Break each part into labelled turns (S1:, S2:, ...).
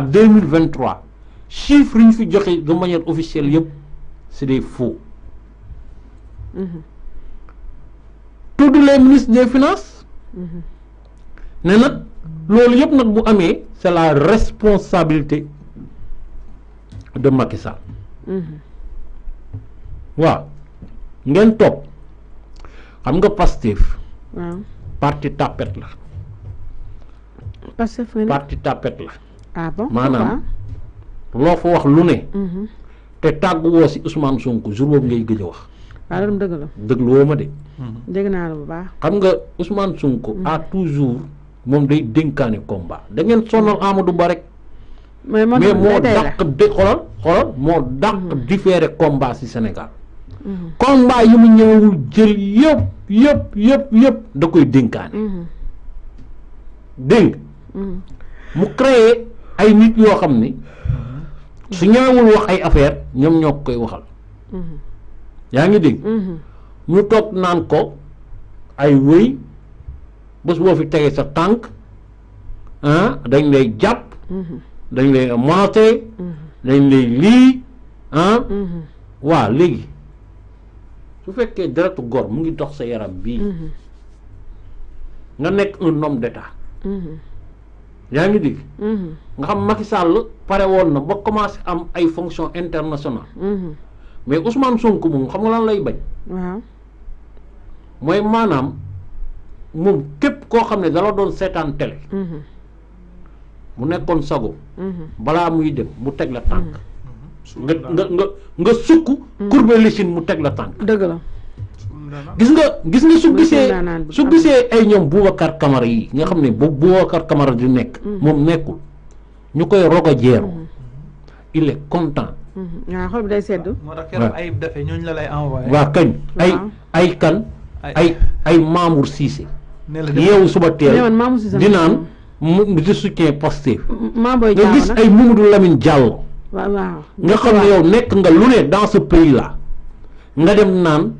S1: 2023 chiffre yi de manière officielle c'est des faux mm-hmm. tous les ministres des finances mm-hmm. ne nag c'est la responsabilité de Macky Sall
S2: mm-hmm.
S1: waaw ngeen top. xam nga Pastef parti tapet la partie parti tapet la manam lo fo wax lu ne. Mhm. te wo ci Ousmane Sonko jour bob ngay gëjë wax. waaw ah, deug la deug woo ma de. Mhm.
S2: deug na la bu baax.
S1: xam nga Ousmane Sonko. a mhm. toujours mom day dénkaane combat da ngeen sonal Amadou Ba rek. mais mo dàq de xolal xolal mo dàq différé combat ci Sénégal. combat yi mu ñëwul jël yépp yépp yépp yépp da koy dénkaane. deng mu créer ay nit yo xamni su ñëwewul wax ay affaire ñom ñok koy waxal yaa ngi dégg mhm. ñu top naan ko ay wëy bés bo fi tege sa tank hein ah, dañ lay jàpp mhm. dañ lay menacé mhm. dañ lay li hein ah. wa léegi su fekke dara tu gor mu ngi dox sa yaram bii nga nek un homme d'état yaa ngi dégg. Mm-hmm. nga xam Macky Sall pare woon na ba commencé am ay fonctions internationales. Mm-hmm. mais Ousmane Sonko moom xam nga lan lay bañ. mooy maanaam moom képp koo xam ne dala doon seetaan télé. Mm-hmm. mu nekkoon sago. balaa muy dem mu teg la tànk. nga nga nga nga sukk. courber l'échine mu teg la tànk. dëgg la. gis nga gis nga su gisee su gisee ay ñoom Boubacar Camara yi nga xam ne bu Boubacar Camara di nekk mm. moom nekkul ñu koy rog a jeeru mm. il est content
S2: mm. ah, waaw lay envoyé
S1: kañ ay ay kan ay ay Mamour Cissé yeewu suba teel di naan mu di soutien Pastef
S2: nga
S1: gis ay Mamadou Lamine Diallo
S2: nga
S1: xam ne yow nekk nga lu ne dans ce pays là nga dem naan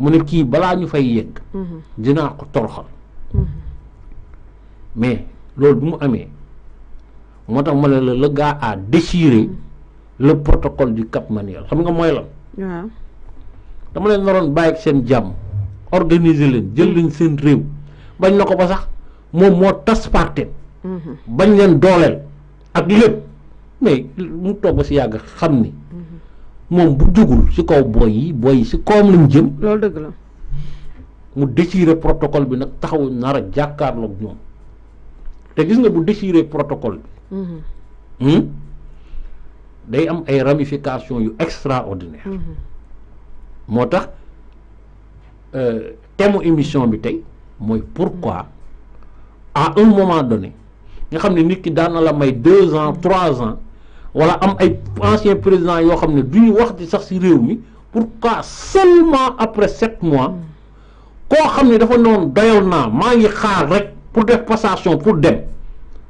S1: mu ne kii balaa ñu fay yëg dinaa ko toroxal mais loolu bi mu amee moo tax ma ne la le a déchiré le protocole du Cap Manuel xam nga mooy lan waaw dama leen naroon bàyyi seen jàmm organiser leen jël leen seen réew bañ na ko ba sax moom moo tas parten
S2: mhm. bañ
S1: leen dooleel ak lépp mais mu toog ba si yàgg xam ni mhm. moom bu jugul si kaw booy yi booy yi ci kawam lañ jëm. loolu dëgg la. mu déchiré protocole bi nag taxawu nara a jàkkaarloog ñoom te gis nga bu déchiré protocole bi. Mm-hmm. Hmm? day am ay ramifications yu extraordinaire mm-hmm. moo tax euh, thème émission bi tey mooy pourquoi mm-hmm. à un moment donné nga xam ne nit ki daan la may deux ans trois ans. wala am ay ancien président yo xamné ne duñu wax di sax ci réew mi pourquoi seulement après 7 mois ko xamné dafa non doyal na ma ngi xaar rek pour def passation pour dem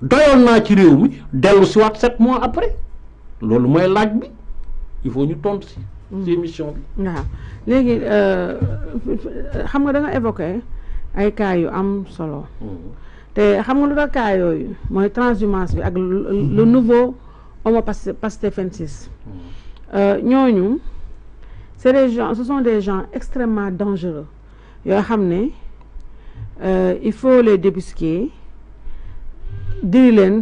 S1: doyal na ci réew mi delu ci wat 7 mois après loolu moy laaj bi il faut ñu tontu ci ci mm. émission
S2: bi. légui euh xam nga da nga évoquer ay cas yu am solo. Mm. té xam nga lu tax cas yoyu moy transhumance bi ak le nouveau. On va euh, ñooñu c'est des gens ce sont des gens extrêmement dangereux euh, il faut les débusquer diri